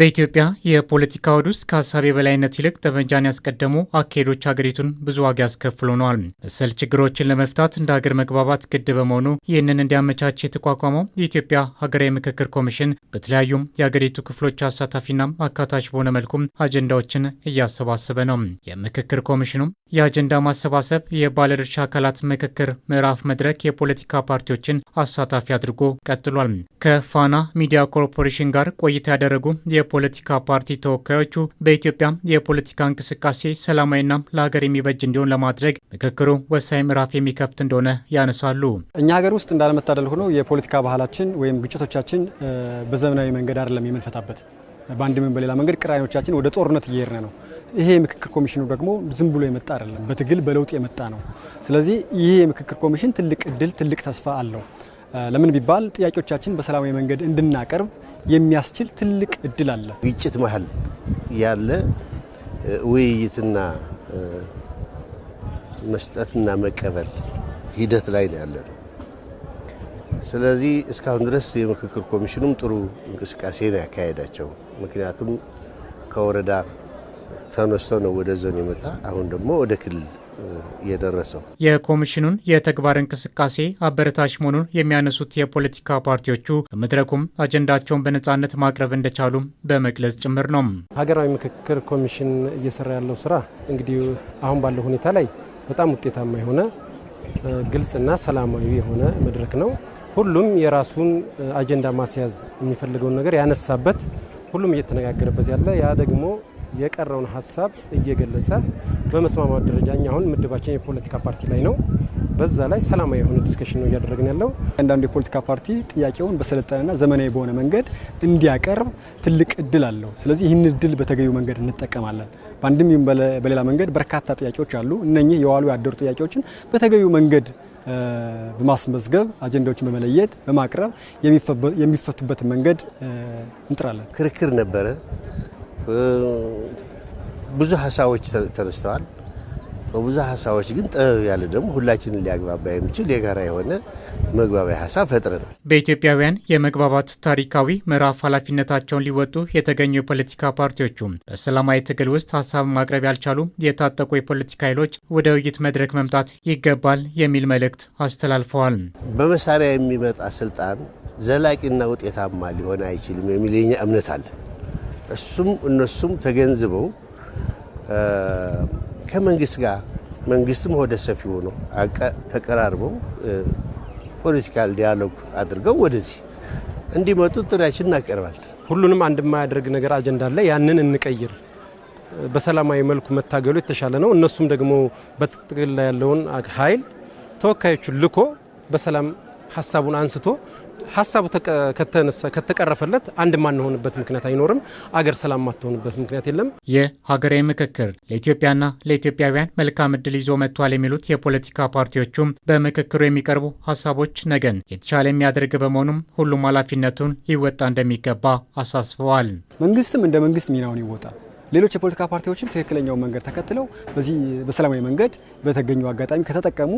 በኢትዮጵያ የፖለቲካ አውድ ውስጥ ከሀሳብ የበላይነት ይልቅ ጠመንጃን ያስቀደሙ አካሄዶች ሀገሪቱን ብዙ ዋጋ ያስከፍሉ ነዋል። መሰል ችግሮችን ለመፍታት እንደ ሀገር መግባባት ግድ በመሆኑ ይህንን እንዲያመቻች የተቋቋመው የኢትዮጵያ ሀገራዊ ምክክር ኮሚሽን በተለያዩም የሀገሪቱ ክፍሎች አሳታፊና አካታች በሆነ መልኩም አጀንዳዎችን እያሰባሰበ ነው። የምክክር ኮሚሽኑም የአጀንዳ ማሰባሰብ የባለድርሻ አካላት ምክክር ምዕራፍ መድረክ የፖለቲካ ፓርቲዎችን አሳታፊ አድርጎ ቀጥሏል። ከፋና ሚዲያ ኮርፖሬሽን ጋር ቆይታ ያደረጉ የፖለቲካ ፓርቲ ተወካዮቹ በኢትዮጵያ የፖለቲካ እንቅስቃሴ ሰላማዊና ለሀገር የሚበጅ እንዲሆን ለማድረግ ምክክሩ ወሳኝ ምዕራፍ የሚከፍት እንደሆነ ያነሳሉ። እኛ ሀገር ውስጥ እንዳለመታደል ሆኖ የፖለቲካ ባህላችን ወይም ግጭቶቻችን በዘመናዊ መንገድ አይደለም የምንፈታበት። በአንድም በሌላ መንገድ ቅራኔዎቻችን ወደ ጦርነት እየሄድን ነው ይሄ የምክክር ኮሚሽኑ ደግሞ ዝም ብሎ የመጣ አይደለም፣ በትግል በለውጥ የመጣ ነው። ስለዚህ ይሄ የምክክር ኮሚሽን ትልቅ እድል፣ ትልቅ ተስፋ አለው። ለምን ቢባል ጥያቄዎቻችን በሰላማዊ መንገድ እንድናቀርብ የሚያስችል ትልቅ እድል አለ። ግጭት መሀል ያለ ውይይትና መስጠትና መቀበል ሂደት ላይ ነው ያለ ነው። ስለዚህ እስካሁን ድረስ የምክክር ኮሚሽኑም ጥሩ እንቅስቃሴ ነው ያካሄዳቸው። ምክንያቱም ከወረዳ ተነስቶ ነው ወደ ዞን የመጣ አሁን ደግሞ ወደ ክልል የደረሰው። የኮሚሽኑን የተግባር እንቅስቃሴ አበረታች መሆኑን የሚያነሱት የፖለቲካ ፓርቲዎቹ በመድረኩም አጀንዳቸውን በነፃነት ማቅረብ እንደቻሉም በመግለጽ ጭምር ነው። ሀገራዊ ምክክር ኮሚሽን እየሰራ ያለው ስራ እንግዲህ አሁን ባለው ሁኔታ ላይ በጣም ውጤታማ የሆነ ግልጽና ሰላማዊ የሆነ መድረክ ነው። ሁሉም የራሱን አጀንዳ ማስያዝ የሚፈልገውን ነገር ያነሳበት፣ ሁሉም እየተነጋገረበት ያለ ያ ደግሞ የቀረውን ሀሳብ እየገለጸ በመስማማት ደረጃ እኛ አሁን ምድባችን የፖለቲካ ፓርቲ ላይ ነው። በዛ ላይ ሰላማዊ የሆነ ዲስከሽን ነው እያደረግን ያለው። አንዳንዱ የፖለቲካ ፓርቲ ጥያቄውን በሰለጠነና ዘመናዊ በሆነ መንገድ እንዲያቀርብ ትልቅ እድል አለው። ስለዚህ ይህን እድል በተገቢው መንገድ እንጠቀማለን። በአንድም ይሁን በሌላ መንገድ በርካታ ጥያቄዎች አሉ። እነኚህ የዋሉ ያደሩ ጥያቄዎችን በተገቢው መንገድ በማስመዝገብ አጀንዳዎችን በመለየት በማቅረብ የሚፈቱበትን መንገድ እንጥራለን። ክርክር ነበረ ብዙ ሀሳቦች ተነስተዋል። በብዙ ሀሳቦች ግን ጥበብ ያለ ደግሞ ሁላችንን ሊያግባባ የሚችል የጋራ የሆነ መግባቢያ ሀሳብ ፈጥረናል። በኢትዮጵያውያን የመግባባት ታሪካዊ ምዕራፍ ኃላፊነታቸውን ሊወጡ የተገኙ የፖለቲካ ፓርቲዎቹ በሰላማዊ ትግል ውስጥ ሀሳብ ማቅረብ ያልቻሉ የታጠቁ የፖለቲካ ኃይሎች ወደ ውይይት መድረክ መምጣት ይገባል የሚል መልእክት አስተላልፈዋል። በመሳሪያ የሚመጣ ስልጣን ዘላቂና ውጤታማ ሊሆን አይችልም የሚል የኛ እምነት አለ። እሱም እነሱም ተገንዝበው ከመንግስት ጋር መንግስትም ወደ ሰፊ ሆኖ ተቀራርበው ፖለቲካል ዲያሎግ አድርገው ወደዚህ እንዲመጡ ጥሪያችን እናቀርባል። ሁሉንም አንድ የማያደርግ ነገር አጀንዳ አለ። ያንን እንቀይር። በሰላማዊ መልኩ መታገሉ የተሻለ ነው። እነሱም ደግሞ በትጥቅል ላይ ያለውን ኃይል ተወካዮቹን ልኮ በሰላም ሀሳቡን አንስቶ ሀሳቡ ከተቀረፈለት አንድ ማንሆንበት ምክንያት አይኖርም። አገር ሰላም ማትሆንበት ምክንያት የለም። ይህ ሀገራዊ ምክክር ለኢትዮጵያና ለኢትዮጵያውያን መልካም እድል ይዞ መጥቷል የሚሉት የፖለቲካ ፓርቲዎቹም በምክክሩ የሚቀርቡ ሀሳቦች ነገን የተሻለ የሚያደርግ በመሆኑም ሁሉም ኃላፊነቱን ሊወጣ እንደሚገባ አሳስበዋል። መንግስትም እንደ መንግስት ሚናውን ይወጣል። ሌሎች የፖለቲካ ፓርቲዎችም ትክክለኛውን መንገድ ተከትለው በዚህ በሰላማዊ መንገድ በተገኙ አጋጣሚ ከተጠቀሙ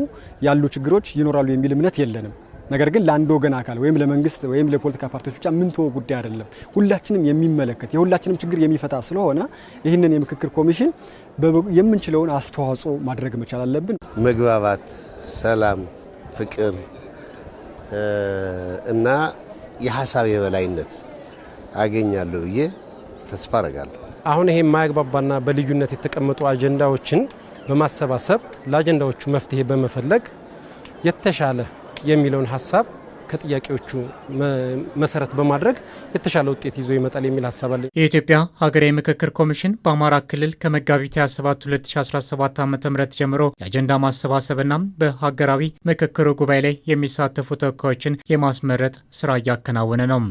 ያሉ ችግሮች ይኖራሉ የሚል እምነት የለንም። ነገር ግን ለአንድ ወገን አካል ወይም ለመንግስት ወይም ለፖለቲካ ፓርቲዎች ብቻ ምን ተወው ጉዳይ አይደለም። ሁላችንም የሚመለከት የሁላችንም ችግር የሚፈታ ስለሆነ ይህንን የምክክር ኮሚሽን የምንችለውን አስተዋጽኦ ማድረግ መቻል አለብን። መግባባት፣ ሰላም፣ ፍቅር እና የሀሳብ የበላይነት አገኛለሁ ብዬ ተስፋ አረጋለሁ። አሁን ይሄ የማያግባባና በልዩነት የተቀመጡ አጀንዳዎችን በማሰባሰብ ለአጀንዳዎቹ መፍትሄ በመፈለግ የተሻለ የሚለውን ሀሳብ ከጥያቄዎቹ መሰረት በማድረግ የተሻለ ውጤት ይዞ ይመጣል የሚል ሀሳብ አለ። የኢትዮጵያ ሀገራዊ ምክክር ኮሚሽን በአማራ ክልል ከመጋቢት 27 2017 ዓ ም ጀምሮ የአጀንዳ ማሰባሰብና በሀገራዊ ምክክሩ ጉባኤ ላይ የሚሳተፉ ተወካዮችን የማስመረጥ ስራ እያከናወነ ነው።